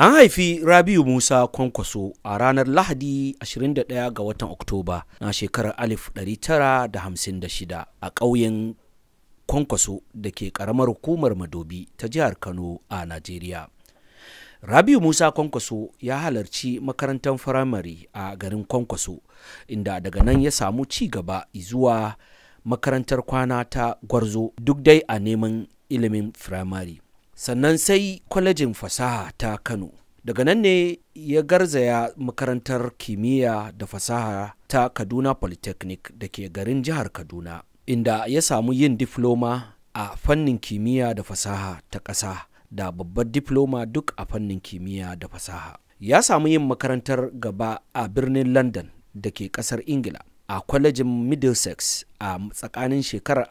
An haifi Rabiu Musa Kwankwaso a ranar Lahadi 21 ga watan Oktoba na shekarar 1956 a ƙauyen Kwankwaso da ke ƙaramar hukumar Madobi ta jihar Kano a Najeriya. Rabiu Musa Kwankwaso ya halarci makarantar firamare a garin Kwankwaso inda daga nan ya samu ci gaba zuwa makarantar kwana ta Gwarzo duk dai a neman ilimin firamare. sannan sai kwalejin fasaha ta kano daga nan ne ya garzaya makarantar kimiyya da fasaha ta kaduna polytechnic da ke garin jihar kaduna inda ya samu yin difloma a fannin kimiyya da fasaha ta ƙasa da babbar difloma duk a fannin kimiyya da fasaha ya samu yin makarantar gaba a birnin london da ke ƙasar ingila a kwalejin middlesex a tsakanin shekarar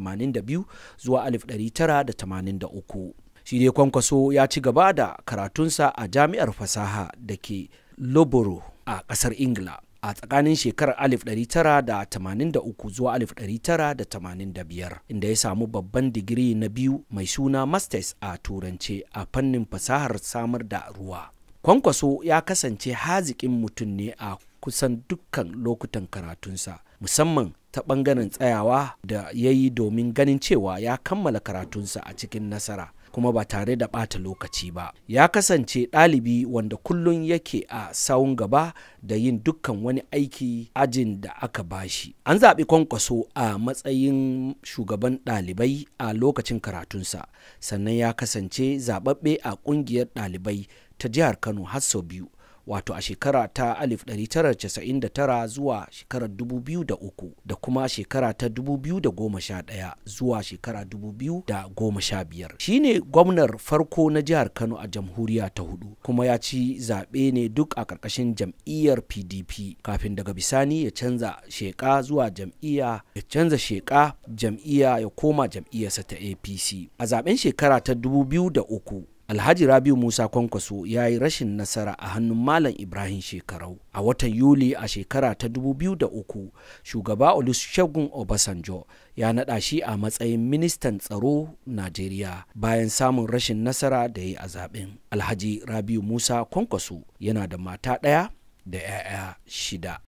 1982 zuwa 1983 shi dai kwankwaso ya ci gaba da karatunsa a jami'ar fasaha da ke loboro a ƙasar ingila a tsakanin shekarar 1983 zuwa 1985 inda ya samu babban digiri na biyu mai suna masters a turance a fannin fasahar samar da ruwa kwankwaso ya kasance haziƙin mutum ne a kusan dukkan lokutan karatunsa musamman ta bangaren tsayawa da ya yi domin ganin cewa ya kammala karatunsa a cikin nasara kuma ba tare da ɓata lokaci ba ya kasance ɗalibi wanda kullum yake a sawun gaba da yin dukkan wani aiki ajin da aka bashi an zaɓi kwankwaso a matsayin shugaban ɗalibai a lokacin karatunsa sannan ya kasance zaɓaɓɓe a ƙungiyar ɗalibai ta jihar kano har sau biyu wato a shekara ta 1999 zuwa shekarar 2003 da kuma shekara ta 2011 zuwa shekara 2015 ne gwamnar farko na jihar kano a jamhuriya ta hudu kuma ya ci zaɓe ne duk a ƙarƙashin jam'iyyar pdp kafin daga bisani ya canza sheƙa zuwa jam'iyya ya canza sheƙa jam'iyya ya koma jam'iyyarsa ta apc a zaɓen shekara ta 2003 alhaji rabiu musa kwankwaso ya yi rashin nasara a hannun malam ibrahim shekarau a watan yuli a shekara ta 2003 shugaba olusegun obasanjo ya naɗa shi a matsayin ministan tsaro najeriya bayan samun rashin nasara da ya yi a zaben alhaji rabiu musa kwankwaso yana da mata ɗaya da 'ya'ya shida